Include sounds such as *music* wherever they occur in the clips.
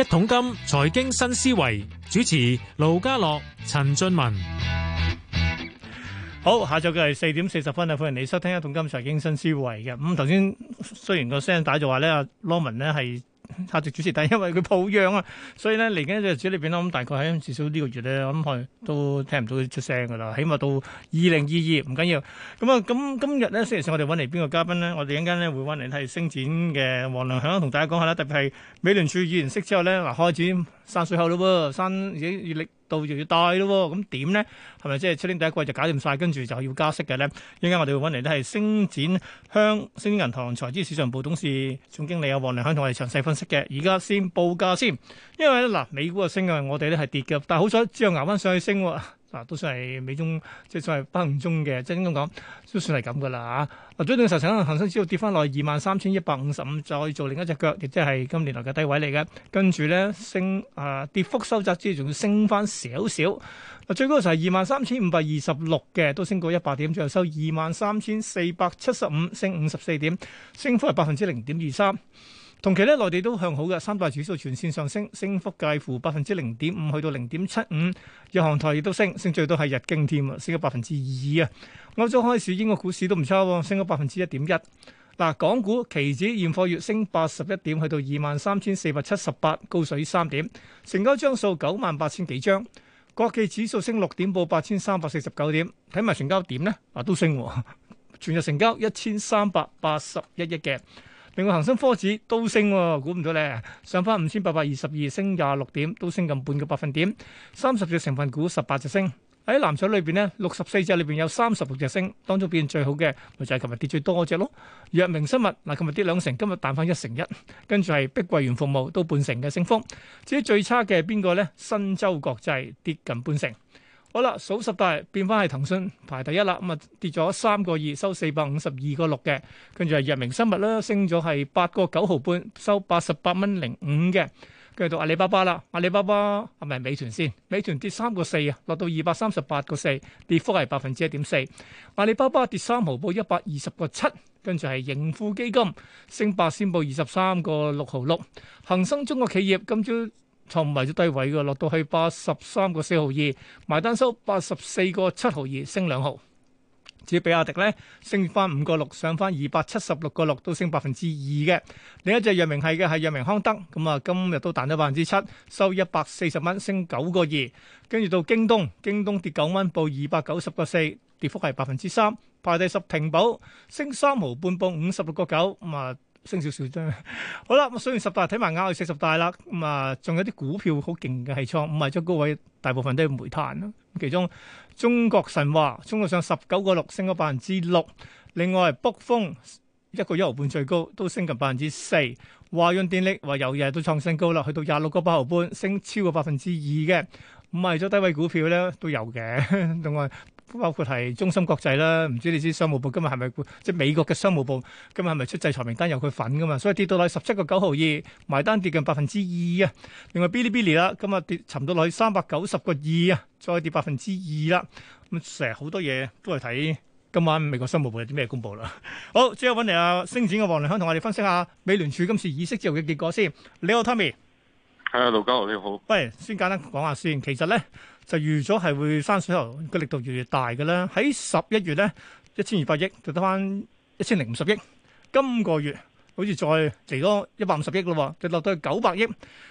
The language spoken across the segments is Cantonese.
一桶金財經新思維，主持盧家樂、陳俊文，好，下晝嘅係四點四十分啊！歡迎你收聽一桶金財經新思維嘅咁，頭、嗯、先雖然個聲帶就話咧，阿 l a w 咧係。下直主持，但係因為佢抱恙啊，所以咧嚟緊呢隻日子裏邊啦，咁大概喺至少呢個月咧，咁佢都聽唔到佢出聲嘅啦。起碼到二零二二，唔緊要。咁啊，咁今日咧，星期四我哋揾嚟邊個嘉賓咧？我哋一陣間咧會揾嚟係星展嘅王良享，同大家講下啦。特別係美聯儲議息之後咧，嗱開始散水後咯喎，新已經月歷。度越嚟越大咯，咁點咧？係咪即係出年第一季就搞掂晒，跟住就要加息嘅咧？一陣間我哋會揾嚟咧係星展香、星展銀行財資市場部董事總經理啊王良享同我哋詳細分析嘅。而家先報價先，因為咧嗱，美股啊升嘅，我哋咧係跌嘅，但係好彩之後捱翻上去升喎。啊，都算係美中，即係算係不幸中嘅。即係應該講，都算係咁噶啦嚇。嗱，最短嘅時候，曾經恆生指數跌翻落二萬三千一百五十五，再做另一隻腳，亦即係今年嚟嘅低位嚟嘅。跟住咧升，啊，跌幅收窄之後，仲要升翻少少。嗱，最高嘅時候係二萬三千五百二十六嘅，都升過一百點，最後收二萬三千四百七十五，升五十四點，升幅係百分之零點二三。同期咧，內地都向好嘅，三大指數全線上升，升幅介乎百分之零點五去到零點七五。日航台亦都升，升最多係日經添啊，升咗百分之二啊。歐洲開市，英國股市都唔差喎，升咗百分之一點一。嗱，港股期指現貨月升八十一點，去到二萬三千四百七十八，高水三點，成交張數九萬八千幾張。國際指數升六點，報八千三百四十九點。睇埋成交點呢，啊都升啊。全日成交一千三百八十一億嘅。另外恒生科指都升，估唔到咧，上翻五千八百二十二，升廿六點，都升近半個百分點。三十隻成分股十八隻升，喺藍籌裏邊咧，六十四隻裏邊有三十六隻升，當中表現最好嘅咪就係琴日跌最多嗰隻咯。藥明生物嗱，琴日跌兩成，今日彈翻一成一，跟住係碧桂園服務都半成嘅升幅。至於最差嘅係邊個咧？申洲國際跌近半成。好啦，數十大變返係騰訊排第一啦，咁啊跌咗三個二，收四百五十二個六嘅，跟住係藥明生物啦，升咗係八個九毫半，收八十八蚊零五嘅，跟住到阿里巴巴啦，阿里巴巴係咪美團先？美團跌三個四啊，落到二百三十八個四，跌幅係百分之一點四。阿里巴巴跌三毫報一百二十個七，跟住係盈富基金升八仙報二十三個六毫六。恒生中國企業今朝坐埋咗低位嘅，落到去八十三個四毫二，埋單收八十四個七毫二，升兩毫。至於比亞迪咧，升翻五個六，上翻二百七十六個六，都升百分之二嘅。另一隻藥明係嘅係藥明康德，咁啊今日都彈咗百分之七，收一百四十蚊，升九個二。跟住到京東，京東跌九蚊，報二百九十個四，跌幅係百分之三。排第十，停保升三毫半，報五十六個九，咁啊。升少少啫，好啦，咁雖然十大睇埋亞四十大啦，咁啊仲有啲股票好勁嘅係倉，咁啊喺高位，大部分都係煤炭。其中中國神華衝到上十九個六，升咗百分之六。另外卜蜂一個一毫半最高，都升近百分之四。華潤電力話由日都創新高啦，去到廿六個八毫半，升超過百分之二嘅。咁啊喺低位股票咧都有嘅，呵呵包括係中心國際啦，唔知你知商務部今日係咪即係美國嘅商務部今日係咪出制裁名單有佢份噶嘛？所以跌到落十七個九毫二，埋單跌近百分之二啊！另外 Bilibili 啦，今日跌沉到落去三百九十個二啊，再跌百分之二啦。咁成日好多嘢都係睇今晚美國商務部有啲咩公佈啦。好，最後揾嚟啊，星展嘅王良享同我哋分析下美聯儲今次議息之後嘅結果先。你好 Tommy。係啊，盧嘉樂你好。喂，先簡單講下先，其實咧。就預咗係會閂水喉，個力度越嚟越大嘅啦。喺十一月咧，一千二百億就得返一千零五十億。今個月好似再嚟多一百五十億咯，就落到九百億。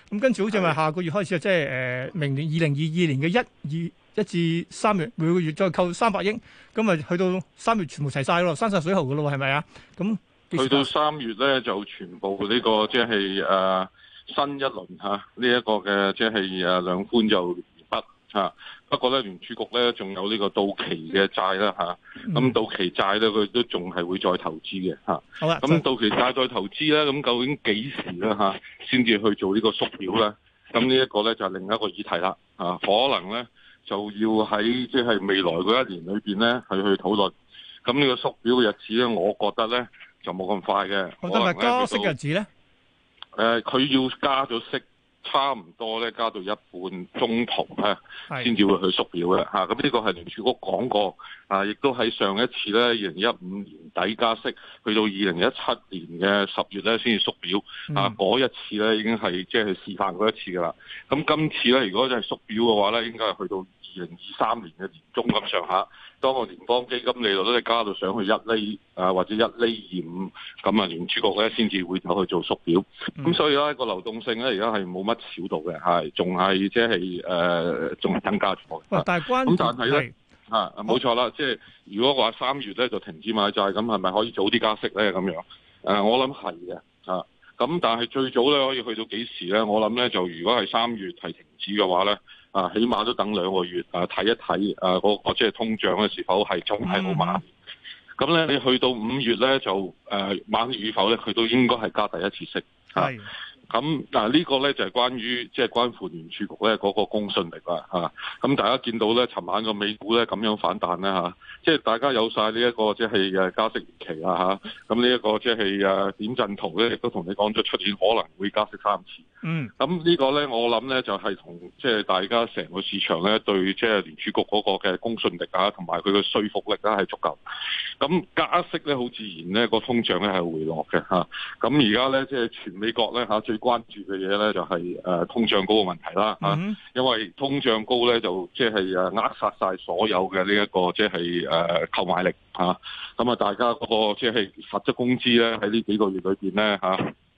咁跟住好似咪下個月開始，即係誒明年二零二二年嘅一二一至三月每個月再扣三百億，咁咪去到三月全部齊曬咯，閂曬水喉嘅咯，係咪啊？咁去到三月咧就全部呢個即係誒新一輪下呢一個嘅即係誒兩寬就。啊！不過咧，聯儲局咧仲有呢個到期嘅債啦，吓、啊、咁到期債咧，佢都仲係會再投資嘅，吓、啊。好啦的，咁、啊、到期債再投資咧，咁究竟幾時咧，吓先至去做個縮呢個縮表咧？咁呢一個咧就係、是、另一個議題啦，啊，可能咧就要喺即係未來嗰一年裏邊咧係去討論。咁呢個縮表嘅日子咧，我覺得咧就冇咁快嘅。真啦，加息嘅日子咧，誒、啊，佢要加咗息。差唔多咧，加到一半中途咧，先至會去縮表嘅嚇。咁呢個係聯儲局講過，啊，亦都喺上一次咧，二零一五年底加息，去到二零一七年嘅十月咧，先至縮表。啊，嗰一次咧已經係即係去示範過一次噶啦。咁今次咧，如果真係縮表嘅話咧，應該係去到。二零二三年嘅年中咁上下，當個聯邦基金利率都係加到上去一厘啊，或者一厘二五咁啊，聯儲局咧先至會走去做縮表。咁、嗯、所以咧、這個流動性咧而家係冇乜少到嘅，係仲係即係誒，仲係、呃、增加咗嘅。咁但係咧啊，冇錯啦，即係如果話三月咧就停止買債，咁係咪可以早啲加息咧？咁樣誒、呃，我諗係嘅啊。咁但係最早咧可以去到幾時咧？我諗咧就如果係三月係停止嘅話咧。啊，起碼都等兩個月啊，睇一睇啊，嗰個即係通脹嘅是否係總體好慢，咁咧你去到五月咧就誒慢、呃、與否咧，佢都應該係加第一次息，啊 mm hmm. 咁嗱、這個、呢個咧就係、是、關於即係關乎聯儲局咧嗰個公信力啊，咁大家見到咧，尋晚個美股咧咁樣反彈咧，即係大家有晒呢一個即係誒加息期啦，咁呢一個即係誒點陣圖咧，亦都同你講咗出年可能會加息三次。嗯。咁呢個咧我諗咧就係同即係大家成個市場咧對即係聯儲局嗰個嘅公信力啊，同埋佢嘅說服力啊係足夠。咁加息咧好自然咧、那個通脹咧係回落嘅嚇。咁而家咧即係全美國咧最。啊關注嘅嘢咧就係、是呃，通脹高嘅問題啦，啊，因為通脹高咧就即、是、係、啊，扼殺晒所有嘅呢一個即係、就是啊，購買力咁啊，大家，嗰個即係發出工資咧喺呢幾個月裏邊咧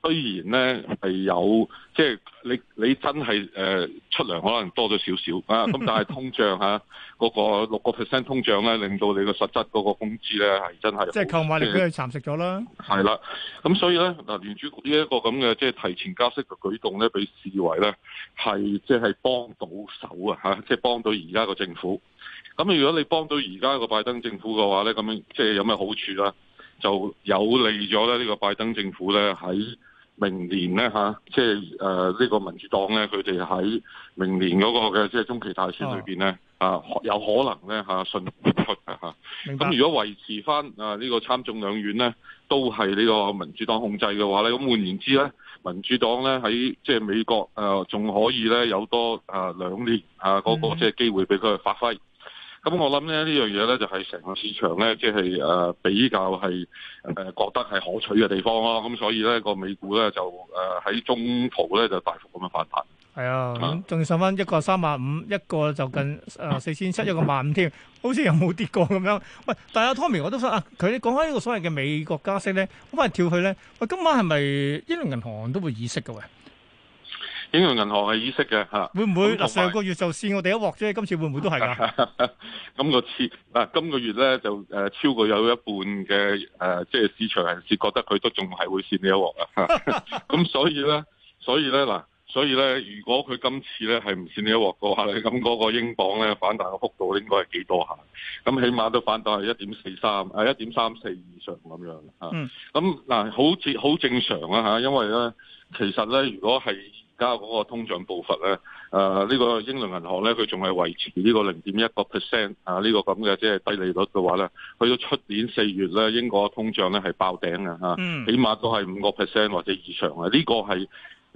雖然咧係有即係你你真係誒、呃、出糧可能多咗少少啊，咁但係通脹嚇嗰個六個 percent 通脹咧，令到你個實質嗰個工資咧係真係即係購買力俾佢蠶食咗啦。係啦，咁所以咧嗱，聯儲局呢一個咁嘅即係提前加息嘅舉動咧，被視為咧係即係幫到手啊即係、啊嚇、幫到而家個政府。咁如果你幫到而家個拜登政府嘅話咧，咁樣即係有咩好處咧？就有利咗咧呢個拜登政府咧喺。明年咧嚇，即係誒呢個民主黨咧，佢哋喺明年嗰、嗰個嘅即係中期大選裏邊咧啊，有可能咧嚇、啊、順出嘅嚇。咁、啊、明白。如果維持翻啊呢、呢個參眾兩院咧，都係呢個民主黨控制嘅話咧，咁換言之咧，民主黨咧喺即係美國誒，仲、呃、可以咧有多誒、啊、兩年啊，嗰、嗰個即係、即係、機會俾佢發揮。咁、嗯、我諗咧呢樣嘢咧就係、是、成個市場咧，即係誒比較係誒、呃、覺得係可取嘅地方啦咁、嗯、所以咧個美股咧就誒喺、呃、中途咧就大幅咁樣反彈。係啊，仲、嗯、要上翻一個三萬五，一個就近誒四千七，一個萬五添，好似又冇跌過咁樣。喂，但係阿 Tommy 我都想，佢講開呢個所謂嘅美國加息咧，咁咪跳去咧？喂，今晚係咪英倫銀行都會議息嘅？英倫銀行係議息嘅嚇，會唔會嗱上個月就蝕我哋一鑊啫？今次會唔會都係㗎？今個次，嗱今個月咧就誒超過有一半嘅誒，即係市場人士覺得佢都仲係會蝕你一鑊啊！咁 *laughs* *laughs* 所以咧，所以咧嗱，所以咧，如果佢今次咧係唔蝕你一鑊嘅話咧，咁嗰個英鎊咧反彈嘅幅度應該係幾多下？咁起碼都反彈係一點四三誒一點三四以上咁樣嚇。咁嗱、嗯，好似好正常啊嚇，因為咧其實咧，如果係而家嗰個通脹步伐咧，誒、呃、呢、這個英倫銀行咧，佢仲係維持呢個零點一個 percent 啊，呢、這個咁嘅即係低利率嘅話咧，去到出年四月咧，英國通脹咧係爆頂嘅嚇，啊 mm. 起碼都係五個 percent 或者以上，這個呃、啊！呢個係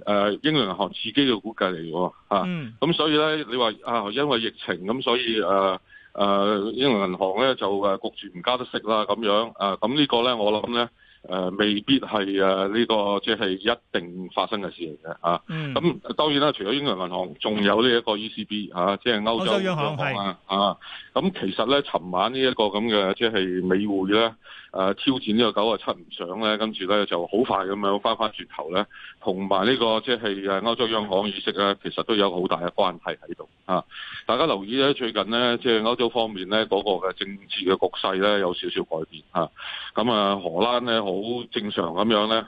誒英倫銀行自己嘅估計嚟嘅喎，咁所以咧，你話啊，因為疫情咁，所以誒誒、呃呃、英倫銀行咧就誒焗住唔加得息啦咁樣啊，咁、這個、呢個咧，我諗咧。誒、呃、未必係誒呢個即係、就是、一定發生嘅事嚟嘅嚇，咁、嗯、當然啦，除咗英國銀行，仲有呢一個 ECB 嚇、啊，即、就、係、是、歐洲央行，咁、啊嗯、其實咧，尋晚呢一個咁嘅即係美匯咧。誒、啊、挑戰這個呢個九啊七唔上咧，跟住咧就好快咁樣翻翻轉頭咧，同埋呢個即係誒歐洲央行意識咧，其實都有好大嘅關係喺度、啊、大家留意咧，最近咧即係歐洲方面咧嗰、那個嘅政治嘅局勢咧有少少改變。咁啊，荷蘭咧好正常咁樣咧。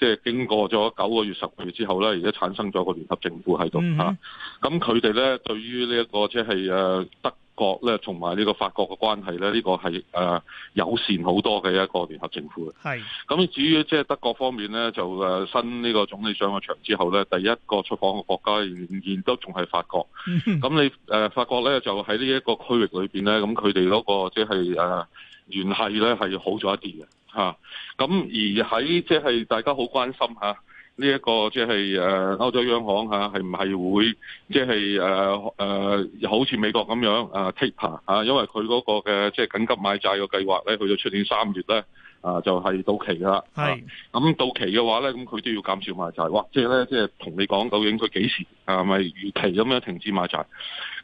即係經過咗九個月十個月之後咧，而家產生咗個聯合政府喺度。咁佢哋咧對於呢、這、一個即係誒德就是啊國咧，同埋呢個法國嘅關係咧，呢、這個係誒友善好多嘅一個聯合政府。係咁。是至於即係德國方面咧，就誒新呢個總理上咗場之後咧，第一個出訪嘅國家仍然都仲係法國。咁 *laughs* 你誒、啊、法國咧就喺呢一個區域裏邊咧，咁佢哋嗰個即係誒聯繫咧係好咗一啲嘅嚇。咁、啊、而喺即係大家好關心嚇。呢一個即係誒歐洲央行吓、啊，係唔係會即係誒誒好似美國咁樣誒 taper 啊，aper，因為佢嗰個嘅即係緊急買債嘅計劃咧，佢就出年三月咧。啊，就係、是、到期噶啦。係咁是、啊、到期嘅話咧，咁佢都要減少買債，或者咧即係同你講究竟佢幾時啊，咪預期咁樣停止買債。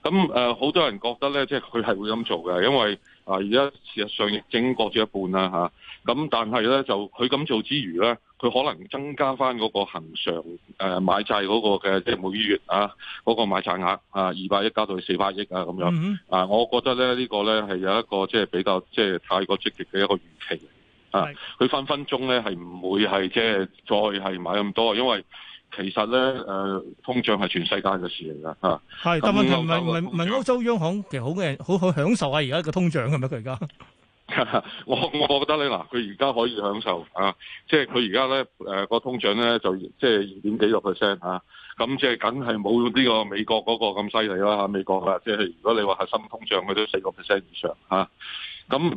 咁誒，好、啊、多人覺得咧，即係佢係會咁做嘅，因為啊，而家事實上疫整過咗一半啦嚇。咁、啊、但係咧，就佢咁做之餘咧，佢可能增加翻嗰個恆常誒、啊、買債嗰個嘅即係每月啊嗰、那個買債額啊，二百億加到去四百億啊咁樣。嗯、哼啊，我覺得咧呢、這個咧係有一個即係比較即係、就是就是、太過積極嘅一個預期。啊！佢是分分鐘咧係唔會係即係再係買咁多，因為其實咧誒、呃、通脹係全世界嘅事嚟㗎嚇。係是，嗯、但問題唔係唔係唔係歐洲央行其實好嘅，好好享受啊！而家個通脹係咪？佢而家我我覺得你嗱，佢而家可以享受啊！即係佢而家咧誒個通脹咧就即係二點幾個 percent 嚇。咁即係梗係冇呢個美國嗰個咁犀利啦嚇，美國啊！即、就、係、是、如果你話核心通脹，佢都四個 percent 以上嚇。啊。咁誒，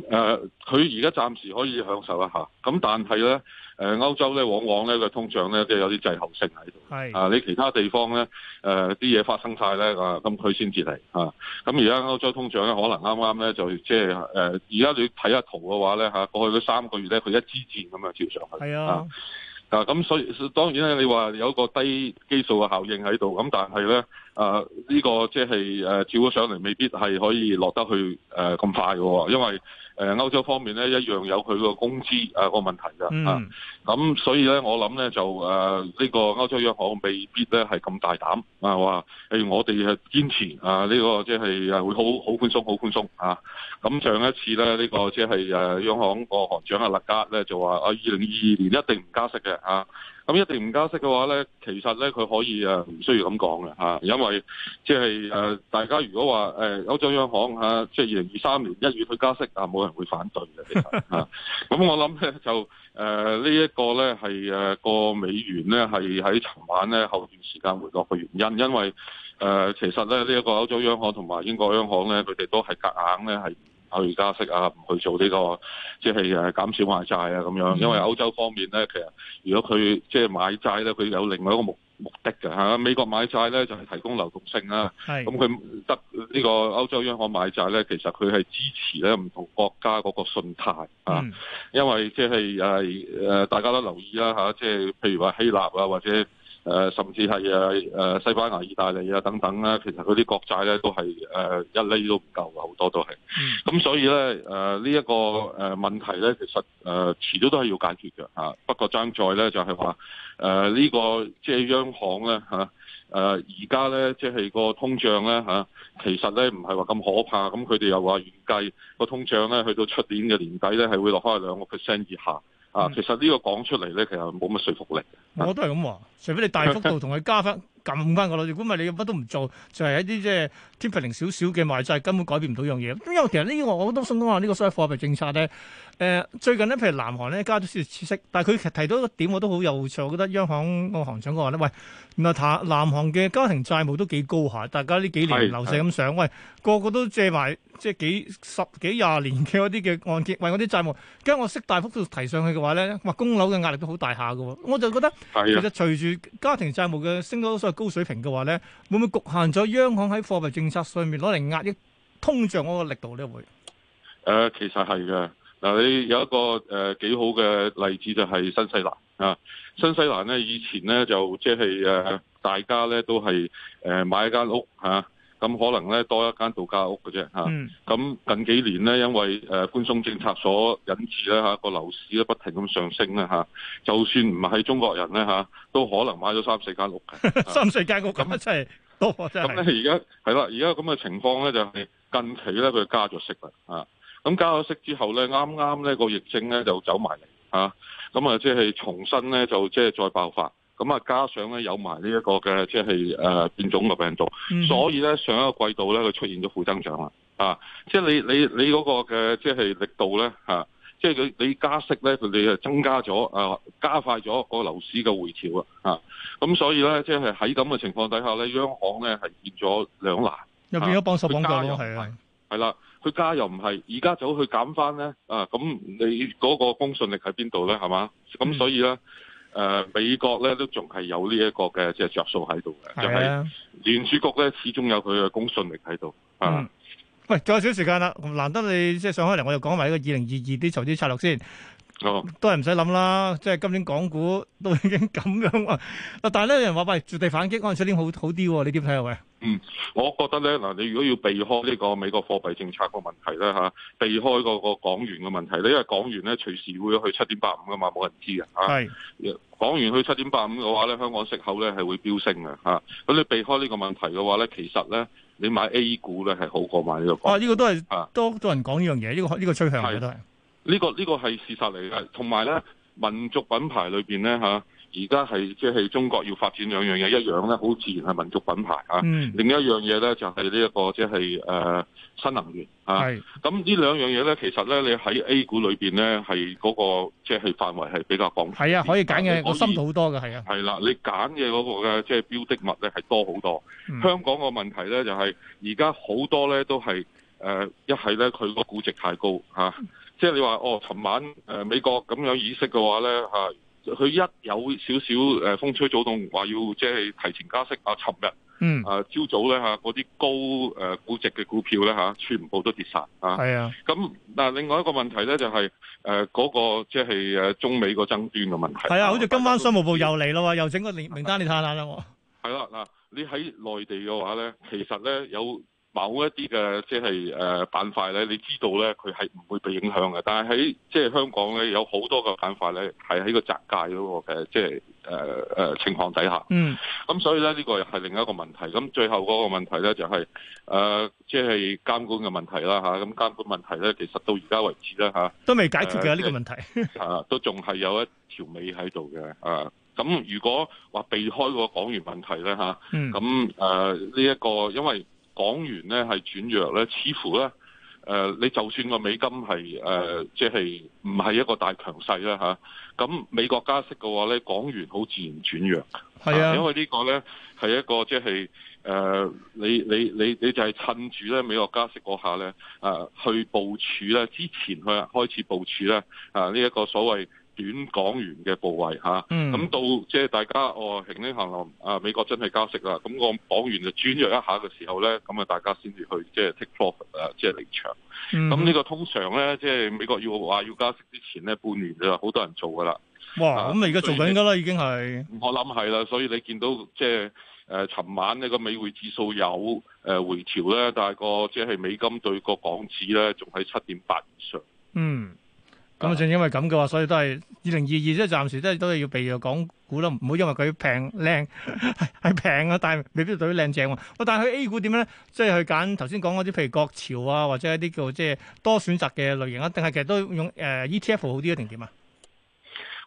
佢而家暫時可以享受一下，咁但係咧，誒、呃、歐洲咧往往咧個通脹咧即係有啲滯後性喺度。係啊，啊，你其他地方咧，誒啲嘢發生曬咧啊，咁佢先至嚟啊。咁而家歐洲通脹咧，可能啱啱咧就即係誒，而家你睇下圖嘅話咧嚇，過去嗰三個月咧，佢一支箭咁啊跳上去。係啊。啊，咁、呃啊、所以當然咧，你話有個低基數嘅效應喺度，咁但係咧。啊！呢、這個即係誒，照、啊、咗上嚟未必係可以落得去誒咁、啊、快、哦，因為誒、啊、歐洲方面咧一樣有佢個工資啊個問題㗎，咁所以咧，我諗咧就誒呢、啊這個歐洲央行未必咧係咁大膽啊話誒、欸，我哋係堅持啊呢、這個即係會好好寬鬆，好寬鬆啊。咁、啊、上一次咧，呢、這個即係誒央行個行長阿勒家咧就話啊，二零二二年一定唔加息嘅咁一定唔加息嘅話呢，其實呢，佢可以誒唔需要咁講嘅嚇，因為即係誒大家如果話誒歐洲央行嚇，即係二零二三年一月去加息，啊冇人會反對嘅。咁 *laughs* 我諗呢就誒呢一個呢，係誒個美元呢，係喺尋晚呢後段時間回落嘅原因，因為誒其實咧呢一個歐洲央行同埋英國央行呢，佢哋都係夾硬呢。係。去加息啊，唔去做呢個，即係誒減少買債啊咁樣。因為歐洲方面咧，其實如果佢即係買債咧，佢有另外一個目目的嘅嚇。美國買債咧就係、是、提供流動性啦，咁佢得呢個歐洲央行買債咧，其實佢係支持咧唔同國家嗰個信貸啊。嗯、因為即係誒大家都留意啦嚇，即係譬如話希臘啊，或者。誒，甚至係啊，誒西班牙、意大利啊等等啊，其實嗰啲國債咧都係誒一厘都唔夠嘅，好多都係。咁所以咧，誒呢一個誒問題咧，其實誒遲早都係要解決嘅嚇。不過爭在咧就係話，誒呢個即係央行咧嚇誒而家咧即係個通脹咧嚇，其實咧唔係話咁可怕，咁佢哋又話預計個通脹咧去到出年嘅年底咧係會落翻去兩個 percent 以下。啊，其實這個呢個講出嚟咧，其實冇乜說服力的。我都係咁話，除非你大幅度同佢加翻、撳翻個樓，如果唔係你乜都唔做，就係、是、一啲即係 tapering 少少嘅買債，根本改變唔到樣嘢。咁因為其實、這、呢個我都、這個、想講下呢個所謂貨幣政策咧，誒、呃、最近咧，譬如南韓咧加咗少少息，但係佢其實提到一個點我都好有趣，我覺得央行個行長講話咧，喂，原來南韓嘅家庭債務都幾高吓，大家呢幾年樓市咁上，喂，個個都借埋。即係幾十幾廿年嘅嗰啲嘅按揭，為嗰啲債務，假如我息大幅度提上去嘅話咧，哇，供樓嘅壓力都好大下嘅喎。我就覺得，其實隨住家庭債務嘅升到所謂高水平嘅話咧，會唔會局限咗央行喺貨幣政策上面攞嚟壓抑通脹嗰個力度咧？會。誒，其實係嘅。嗱、呃，你有一個誒幾、呃、好嘅例子就係新西蘭啊。新西蘭咧以前咧就即係誒，大家咧都係誒、呃、買一間屋嚇。啊。咁可能咧多一間度假屋嘅啫嚇，咁近幾年咧因為誒寬鬆政策所引致咧嚇，個樓市咧不停咁上升啦嚇，就算唔係中國人咧嚇，都可能買咗三四間屋嘅。 *laughs* 啊、三四間屋咁啊那真係多啊真係。咁咧而家係啦，而家咁嘅情況咧就係、是、近期咧佢加咗息啦，啊，咁加咗息之後咧啱啱咧個疫症咧就走埋嚟啊，咁啊即係重新咧就即係、就是、再爆發。咁啊，加上咧有埋呢一個嘅即係誒變種嘅病毒，嗯、哼所以咧上一個季度咧佢出現咗負增長啦，啊，即、就、係、是、你你你、那、嗰個嘅即係力度咧，啊，即係佢你加息咧，佢你增加咗啊，加快咗個樓市嘅回調啊，咁所以咧即係喺咁嘅情況底下咧，央行咧係變咗兩難，啊、又變咗幫手加緊，係啊是，係啦，佢加又唔係，而家走去減翻咧，啊，咁你嗰個公信力喺邊度咧，係嘛，咁所以咧。嗯誒、呃，美國咧都仲係有呢一個嘅即係着數喺度嘅，就係聯儲局咧始終有佢嘅公信力喺度。嗯啊、喂，仲有少時間啦，難得你即係上開嚟，我又講埋呢個二零二二啲投資策略先。哦，都係唔使諗啦，即、就、係、是、今年港股都已經咁樣啊，但係咧有人話喂，絕地反擊，可能出點好好啲。哦？你點睇啊？喂？嗯，我覺得咧嗱，你如果要避開呢個美國貨幣政策個問題咧嚇，避開嗰個港元嘅問題咧，因為港元咧隨時會去七點八五㗎嘛，冇人知嘅嚇。係是港元去七點八五嘅話咧，香港息口咧係會飆升嘅嚇。咁、啊、你避開呢個問題嘅話咧，其實咧你買 A 股咧係好過買呢個啊、這個。啊，呢個都係啊，多多人講呢樣嘢，呢、這個呢、這個趨向嘅都係。呢、這個呢、這個係事實嚟嘅，同埋咧民族品牌裏邊咧嚇。啊而家係即係中國要發展兩樣嘢，一樣咧好自然係民族品牌啊，嗯、另一樣嘢咧就係呢一個即係誒新能源是啊。咁呢兩樣嘢咧，其實咧你喺 A 股裏邊咧係嗰個即係範圍係比較廣。係啊，可以揀嘅，我深度好多嘅，係啊。係啦、啊，你揀嘅嗰個嘅即係標的物咧係多好多。嗯、香港個問題咧就係而家好多咧都係誒、呃、一係咧佢個估值太高吓，即、啊、係、就是、你話哦，琴晚誒美國咁樣意識嘅話咧吓。啊。佢一有少少誒風吹草動，話要即係提前加息、嗯、啊！尋日，嗯，啊、呃，朝早咧嚇，嗰啲高誒估值嘅股票咧嚇，全部都跌晒。啊！係啊，咁嗱，另外一個問題咧就係誒嗰個即係誒中美個爭端嘅問題。係啊，好似今晚商務部又嚟啦喎，又整個名名單你睇下啦喎。係啦、啊，嗱、啊，你喺內地嘅話咧，其實咧有。某一啲嘅即係誒板塊咧，你知道咧，佢係唔會被影響嘅。但係喺即係香港咧，有好多嘅板塊咧，係喺個窄界嗰個誒即係誒誒情況底下。嗯，咁所以咧，呢、這個又係另一個問題。咁最後嗰個問題咧、就係呃，就係誒即係監管嘅問題啦嚇。咁監管問題咧，其實到而家為止咧嚇，都未解決嘅呢個問題。啊，啊都仲係、呃 *laughs* 啊、有一條尾喺度嘅啊。咁如果話避開個港元問題咧嚇，咁誒呢一個因為。港元咧係轉弱咧，似乎咧，誒、呃，你就算個美金係誒，即係唔係一個大強勢啦吓，咁、啊、美國加息嘅話咧，港元好自然轉弱。係啊，因為呢個咧係一個即係誒，你你你你就係趁住咧美國加息嗰下咧，誒、啊、去部署咧，之前去開始部署咧，啊呢一個所謂短港元嘅部位嚇，咁、嗯、到即係大家哦，鵬行、行啊，美國真係加息啦，咁、那個港元就轉弱一下嘅時候呢，咁啊大家先至去即係、就是、take profit 即係離場。咁呢、嗯、個通常呢，即、就、係、是、美國要話要加息之前呢，半年就好多人做噶啦。哇！咁你而家做緊㗎啦，已經係。我諗係啦，所以你見到即係尋晚呢個美匯指數有誒回調呢，但係個即係美金對個港紙呢，仲喺七點八以上。嗯。咁正因為咁嘅話，所以都係二零二二即係暫時都都係要避住港股啦。唔好因為佢平靚係平啊，但係未必對啲靚正喎。但係佢 A 股點樣咧？即係去揀頭先講嗰啲，譬如國潮啊，或者一啲叫即係多選擇嘅類型啊，定係其實都用誒 ETF 好啲啊？定點啊？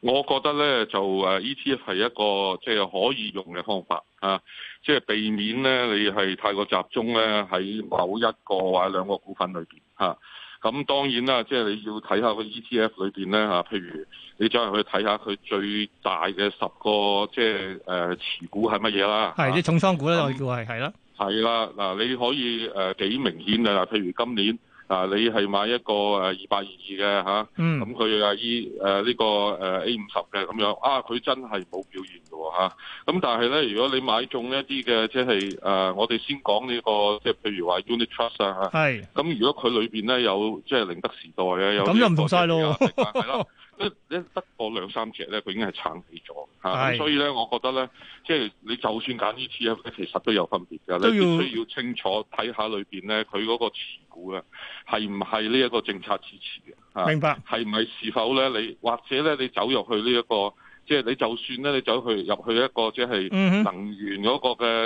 我覺得咧就誒 ETF 係一個即係可以用嘅方法啊，即係避免咧你係太過集中咧喺某一個或者兩個股份裏邊嚇。啊咁當然啦，即係你要睇下個 ETF 裏邊咧嚇，譬如你走入去睇下佢最大嘅十個即係誒持股係乜嘢啦，係啲的、啊、重倉股咧，那我估係係啦，係啦，嗱你可以誒、呃、幾明顯嘅，譬如今年。啊！你係買一個誒二百二二嘅嚇，咁佢阿姨誒呢個誒 A 五十嘅咁樣，啊佢、e, 啊這個啊、真係冇表現嘅喎嚇。咁但係咧，如果你買中一啲嘅，即係誒我哋先講呢個，即係譬如話 unit trust 啊嚇。係。咁如果佢裏邊咧有即係寧德時代嘅，有呢個。咁就唔同晒咯。 *laughs* 一得個兩三隻咧，佢已經係撐起咗嚇，是所以咧，我覺得咧，即係你就算揀呢啲 ETF 咧，其實都有分別嘅，要你必須要清楚睇下裏邊咧，佢嗰個持股咧係唔係呢一個政策支持嘅嚇？明白係唔係？是否咧？你或者咧？你走入去呢一個，即係你就算咧，你走去入去一個即係能源嗰個嘅。嗯